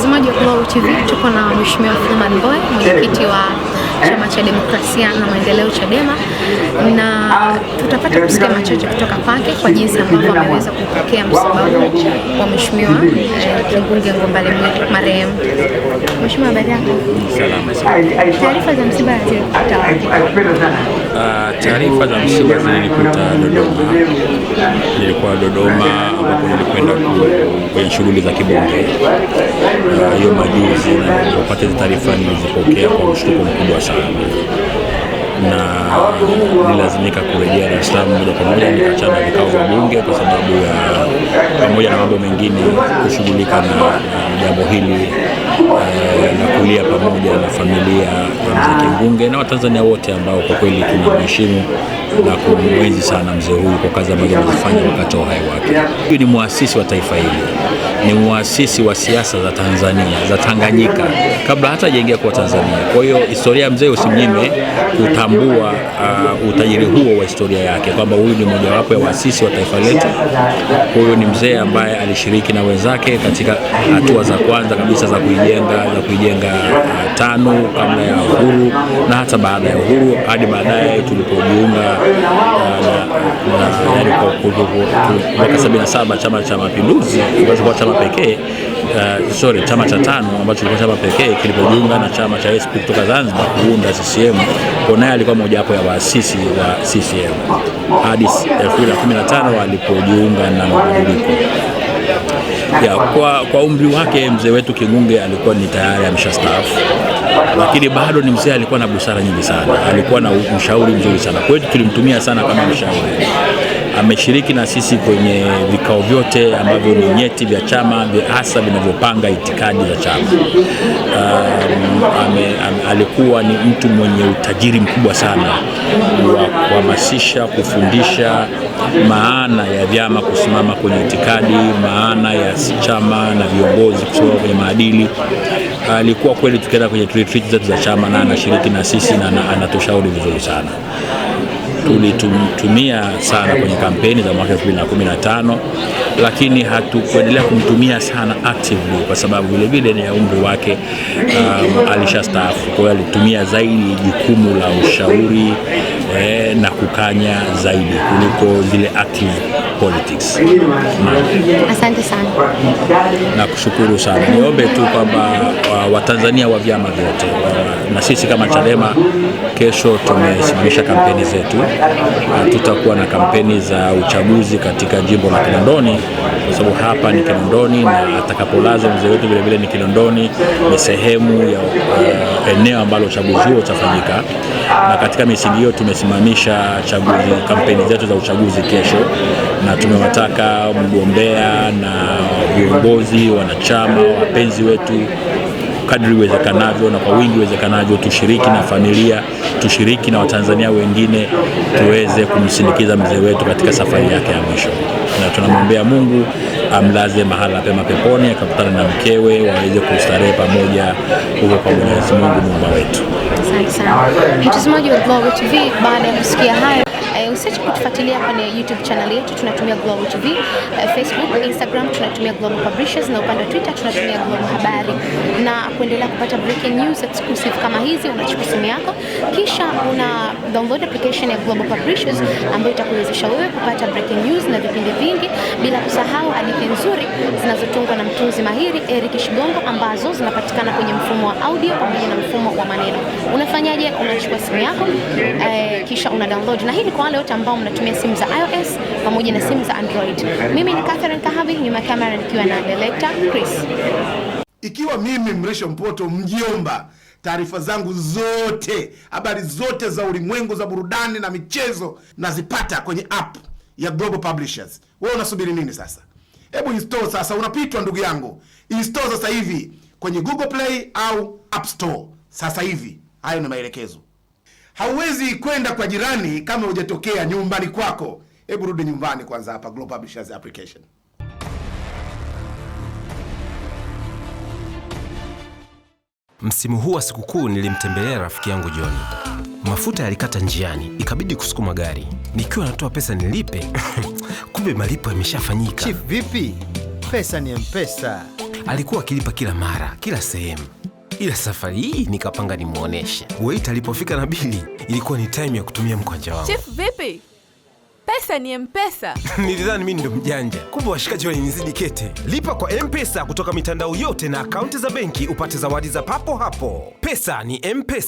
Mtazamaji wa Global TV, tuko na Mheshimiwa Freeman Mbowe, mwenyekiti wa Chama cha Demokrasia na Maendeleo Chadema, na tutapata kusikia machache kutoka kwake kwa jinsi ambavyo ameweza kupokea msiba wa Mheshimiwa eh, Kingunge Ngombale marehemu. Mheshimiwa, habari yako? Taarifa za msiba zilikuta uh, taarifa za msiba zilikuta Dodoma. Nilikuwa Dodoma ambapo nilikwenda kwenye shughuli za kibunge hiyo majuzi, na kupata taarifa nilizipokea kwa mshtuko mkubwa sana na nilazimika kurejea Dar es Salaam moja kwa moja nikachana vikao vya Bunge kwa sababu ya pamoja na mambo mengine kushughulika na jambo hili na eh, kulia pamoja na familia ya mzee Kingunge na Watanzania wote ambao kwa kweli tunamheshimu na kumwenzi sana mzee huyu kwa kazi ambazo amezifanya wakati wa uhai wake. Huyu ni muasisi wa taifa hili ni muasisi wa siasa za Tanzania za Tanganyika kabla hata hajaingia kuwa Tanzania. Kwa hiyo historia ya mzee usimnyime kutambua uh, utajiri huo wa historia yake kwamba huyu ni mojawapo ya waasisi wa taifa letu. Huyu ni mzee ambaye alishiriki na wenzake katika hatua za kwanza kabisa za kuijenga za kuijenga uh, TANU kabla ya uhuru na hata baada ya uhuru hadi baadaye tulipojiunga uh, na mwaka 77 Chama cha Mapinduzi ambacho chama pekee uh, sorry, chama cha tano ambacho kilikuwa chama pekee kilipojiunga na chama cha SP kutoka Zanzibar kuunda CCM, kwa naye alikuwa wapo ya waasisi wa CCM hadi 2015 walipojiunga na mabadiliko ya kwa, kwa umri wake mzee wetu Kingunge alikuwa ni tayari ameshastaafu, lakini bado ni mzee, alikuwa na busara nyingi sana, alikuwa na mshauri mzuri sana kwetu, tulimtumia sana kama mshauri ameshiriki na sisi kwenye vikao vyote ambavyo ni nyeti vya chama hasa vinavyopanga itikadi za chama. Um, ame, ame, alikuwa ni mtu mwenye utajiri mkubwa sana wa kuhamasisha, kufundisha maana ya vyama kusimama kwenye itikadi, maana ya chama na viongozi kusimama kwenye maadili. Alikuwa kweli tukienda kwenye retreat zetu za chama na anashiriki na sisi na anatushauri vizuri sana tulitumia sana kwenye kampeni za mwaka 2015 lakini hatukuendelea kumtumia sana actively kwa sababu vilevile ni ya umri wake, um, alishastaafu. Kwa hiyo alitumia zaidi jukumu la ushauri eh, na kukanya zaidi kuliko zile active politics. Asante sana, nakushukuru sana. Niombe tu kwamba Watanzania wa vyama vyote, na sisi kama Chadema kesho tumesimamisha kampeni zetu. Tutakuwa na kampeni za uchaguzi katika jimbo la Kinondoni kwa sababu hapa ni Kinondoni na atakapolaza mzee wetu vilevile ni Kinondoni, ni sehemu ya uh, eneo ambalo uchaguzi huo utafanyika, na katika misingi hiyo tumesimamisha chaguzi kampeni zetu za uchaguzi kesho, na tumewataka mgombea na viongozi, wanachama, wapenzi wetu kadri iwezekanavyo na kwa wingi uwezekanavyo, tushiriki na familia, tushiriki na Watanzania wengine, tuweze kumsindikiza mzee wetu katika safari yake ya mwisho, na tunamwombea Mungu amlaze mahala pema peponi, akakutana na mkewe, waweze kustarehe pamoja huko kwa Mwenyezi Mungu muumba wetu. Asante sana mtazamaji wa Global TV, baada ya kusikia haya uh, usiache kutufuatilia kwenye YouTube channel yetu, tunatumia Global TV, Uh, eh, Facebook, Instagram tunatumia Global Publishers na upande wa Twitter tunatumia Global Habari, na kuendelea kupata breaking news exclusive kama hizi, unachukua simu yako kisha una download application ya Global Publishers ambayo itakuwezesha wewe kupata breaking news na vipindi vingi, bila kusahau hadithi nzuri zinazotungwa na mtunzi mahiri Eric Shigongo ambazo zinapatikana kwenye mfumo wa audio pamoja na mfumo wa maneno. Unafanyaje? Unachukua simu yako eh, kisha una download na hii ni kwa wale wote ambao mnatumia simu za iOS pamoja na simu za Android. Mimi ni Catherine Kahabi, nyuma ya kamera nikiwa na director Chris. Ikiwa mimi Mrisho Mpoto mjiomba taarifa zangu zote, habari zote za ulimwengu, za burudani na michezo nazipata kwenye app ya Global Publishers. Wewe unasubiri nini sasa? Hebu install sasa, unapitwa ndugu yangu. Install sasa hivi kwenye Google Play au App Store sasa hivi. Hayo ni maelekezo. Hauwezi kwenda kwa jirani kama hujatokea nyumbani kwako. Hebu rudi nyumbani kwanza hapa Global Publishers application. Msimu huu wa sikukuu nilimtembelea rafiki yangu John. Mafuta yalikata njiani, ikabidi kusukuma gari. Nikiwa natoa pesa nilipe, kumbe malipo yameshafanyika. Chief, vipi? Pesa ni Mpesa. Alikuwa akilipa kila mara, kila sehemu ila safari hii nikapanga nimwoneshe. wait alipofika na bili, ilikuwa ni time ya kutumia mkwanja wangu. Chef, vipi? Pesa ni Mpesa. Nilidhani mimi ndo mjanja, kumbe washikaji walinizidi kete. Lipa kwa Mpesa kutoka mitandao yote na akaunti za benki upate zawadi za papo hapo. Pesa ni Mpesa.